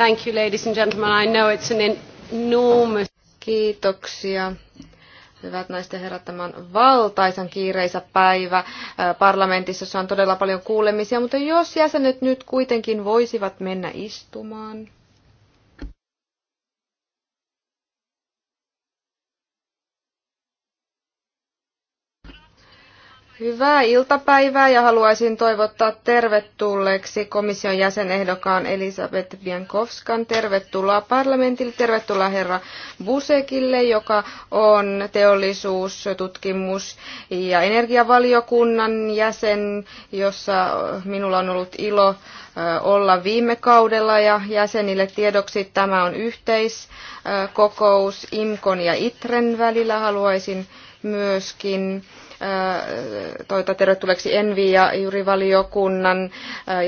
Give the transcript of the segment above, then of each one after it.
Thank you, ladies and gentlemen. I know it's an enormous... Kiitoksia. Hyvät naiset ja herrat, tämä on valtaisan kiireisä päivä äh, parlamentissa, jossa on todella paljon kuulemisia, mutta jos jäsenet nyt kuitenkin voisivat mennä istumaan. Hyvää iltapäivää ja haluaisin toivottaa tervetulleeksi komission jäsenehdokkaan Elisabeth Biankovskan. Tervetuloa parlamentille, tervetuloa herra Busekille, joka on teollisuus, tutkimus ja energiavaliokunnan jäsen, jossa minulla on ollut ilo olla viime kaudella ja jäsenille tiedoksi tämä on yhteiskokous IMKON ja ITREN välillä. Haluaisin myöskin toita tervetulleeksi Envi- ja Juri-valiokunnan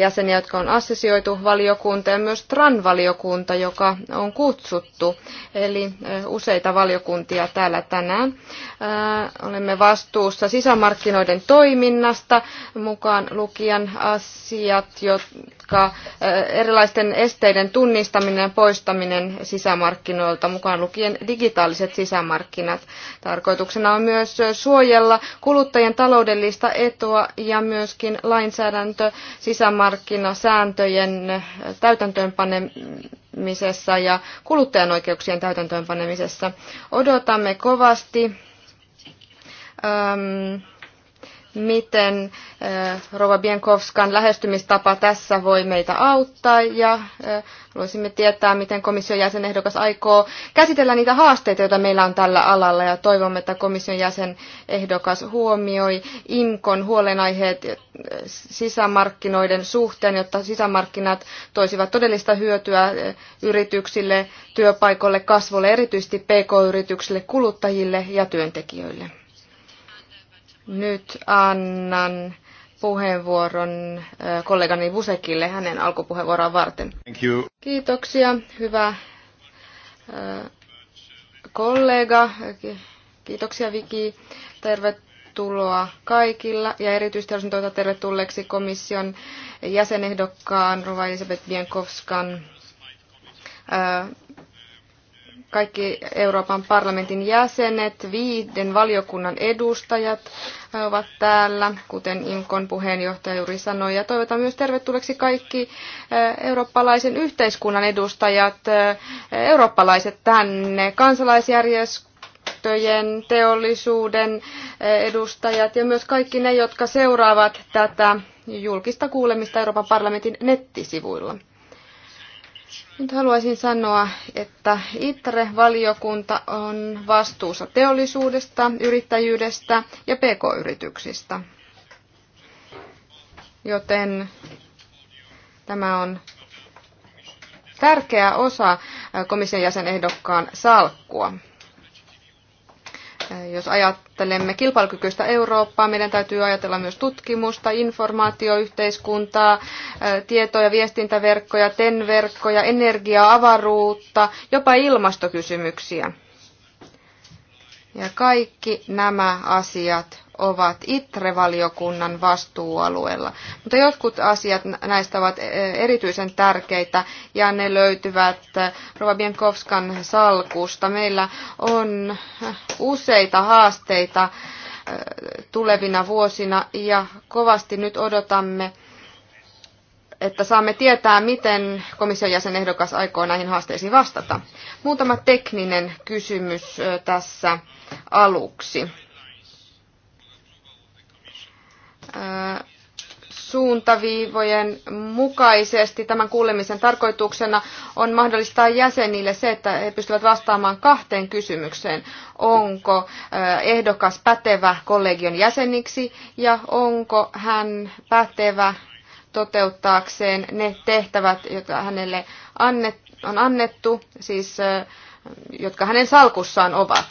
jäseniä, jotka on assesioitu valiokunta ja myös TRAN-valiokunta, joka on kutsuttu. Eli useita valiokuntia täällä tänään. Olemme vastuussa sisämarkkinoiden toiminnasta, mukaan lukijan asiat, jotka koska erilaisten esteiden tunnistaminen ja poistaminen sisämarkkinoilta, mukaan lukien digitaaliset sisämarkkinat. Tarkoituksena on myös suojella kuluttajien taloudellista etua ja myöskin lainsäädäntö sisämarkkinasääntöjen täytäntöönpanemisessa ja kuluttajan oikeuksien täytäntöönpanemisessa. Odotamme kovasti miten eh, Rova Bienkovskan lähestymistapa tässä voi meitä auttaa ja eh, haluaisimme tietää, miten komission jäsenehdokas aikoo käsitellä niitä haasteita, joita meillä on tällä alalla ja toivomme, että komission jäsenehdokas huomioi IMKON huolenaiheet eh, sisämarkkinoiden suhteen, jotta sisämarkkinat toisivat todellista hyötyä yrityksille, työpaikoille, kasvulle, erityisesti pk-yrityksille, kuluttajille ja työntekijöille. Nyt annan puheenvuoron kollegani Vusekille hänen alkupuheenvuoroaan varten. Kiitoksia, hyvä kollega. Kiitoksia Viki. Tervetuloa kaikilla ja erityisesti haluaisin toivottaa tervetulleeksi komission jäsenehdokkaan Rova Elisabeth Bienkovskan kaikki Euroopan parlamentin jäsenet, viiden valiokunnan edustajat ovat täällä, kuten Imkon puheenjohtaja juuri sanoi. Ja toivotan myös tervetulleeksi kaikki eurooppalaisen yhteiskunnan edustajat, eurooppalaiset tänne, kansalaisjärjestöjen, teollisuuden edustajat ja myös kaikki ne, jotka seuraavat tätä julkista kuulemista Euroopan parlamentin nettisivuilla. Nyt haluaisin sanoa, että ITRE-valiokunta on vastuussa teollisuudesta, yrittäjyydestä ja pk-yrityksistä. Joten tämä on tärkeä osa komission jäsenehdokkaan salkkua. Jos ajattelemme kilpailukykyistä Eurooppaa, meidän täytyy ajatella myös tutkimusta, informaatioyhteiskuntaa, tieto- ja viestintäverkkoja, TEN-verkkoja, energiaa, avaruutta, jopa ilmastokysymyksiä. Ja kaikki nämä asiat ovat ITRE-valiokunnan vastuualueella. Mutta jotkut asiat näistä ovat e, erityisen tärkeitä ja ne löytyvät e, Rova Bienkovskan salkusta. Meillä on e, useita haasteita tulevina vuosina ja kovasti nyt odotamme että saamme tietää, miten komission jäsenehdokas aikoo näihin haasteisiin vastata. Muutama tekninen kysymys tässä aluksi suuntaviivojen mukaisesti tämän kuulemisen tarkoituksena on mahdollistaa jäsenille se, että he pystyvät vastaamaan kahteen kysymykseen. Onko eh, ehdokas pätevä kollegion jäseniksi ja onko hän pätevä toteuttaakseen ne tehtävät, jotka hänelle on annettu, siis eh, jotka hänen salkussaan ovat.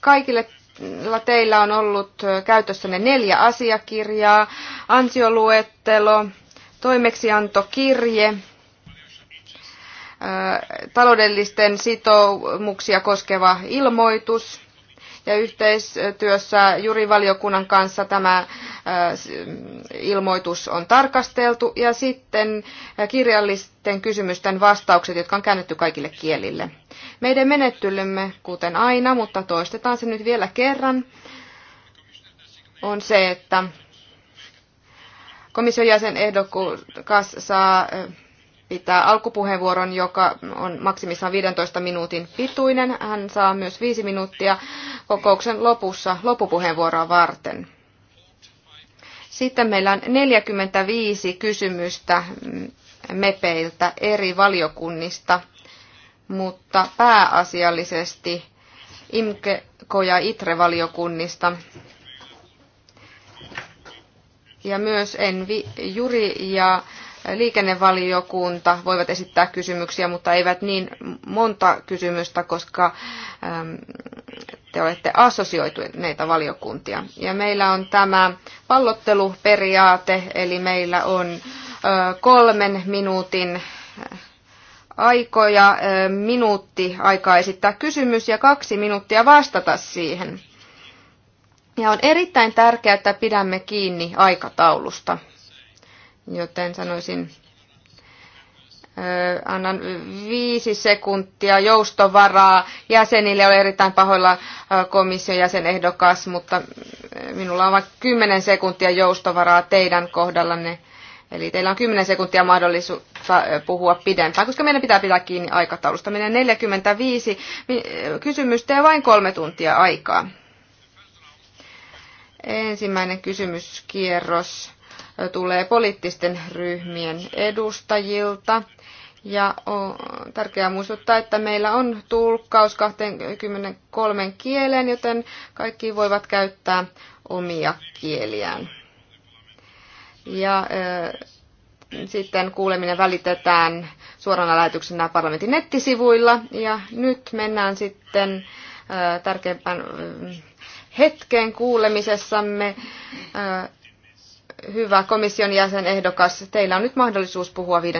Kaikille teillä on ollut käytössänne neljä asiakirjaa, ansioluettelo, toimeksiantokirje, taloudellisten sitoumuksia koskeva ilmoitus ja yhteistyössä jurivaliokunnan kanssa tämä äh, ilmoitus on tarkasteltu ja sitten äh, kirjallisten kysymysten vastaukset, jotka on käännetty kaikille kielille. Meidän menettelymme, kuten aina, mutta toistetaan se nyt vielä kerran, on se, että komission jäsen saa äh, pitää alkupuheenvuoron, joka on maksimissaan 15 minuutin pituinen. Hän saa myös 5 minuuttia kokouksen lopussa loppupuheenvuoroa varten. Sitten meillä on 45 kysymystä mepeiltä eri valiokunnista, mutta pääasiallisesti IMKO- ja ITRE-valiokunnista ja myös Envi, Juri ja liikennevaliokunta voivat esittää kysymyksiä, mutta eivät niin monta kysymystä, koska ähm, te olette assosioituneita valiokuntia. Ja meillä on tämä pallotteluperiaate, eli meillä on kolmen minuutin äh, aikoja, minuutti aikaa esittää kysymys ja kaksi minuuttia vastata siihen. Ja on erittäin tärkeää, että pidämme kiinni aikataulusta joten sanoisin, annan viisi sekuntia joustovaraa jäsenille. Olen erittäin pahoilla komission jäsenehdokas, mutta minulla on vain kymmenen sekuntia joustovaraa teidän kohdallanne. Eli teillä on 10 sekuntia mahdollisuutta puhua pidempään, koska meidän pitää pitää kiinni aikataulusta. Meidän 45 kysymystä ja vain kolme tuntia aikaa. Ensimmäinen kysymyskierros tulee poliittisten ryhmien edustajilta. Ja on tärkeää muistuttaa, että meillä on tulkkaus 23 kieleen, joten kaikki voivat käyttää omia kieliään. Ja äh, sitten kuuleminen välitetään suorana lähetyksenä parlamentin nettisivuilla. Ja nyt mennään sitten äh, tärkeimpään äh, hetkeen kuulemisessamme. Äh, Hyvä komission jäsenehdokas, teillä on nyt mahdollisuus puhua viiden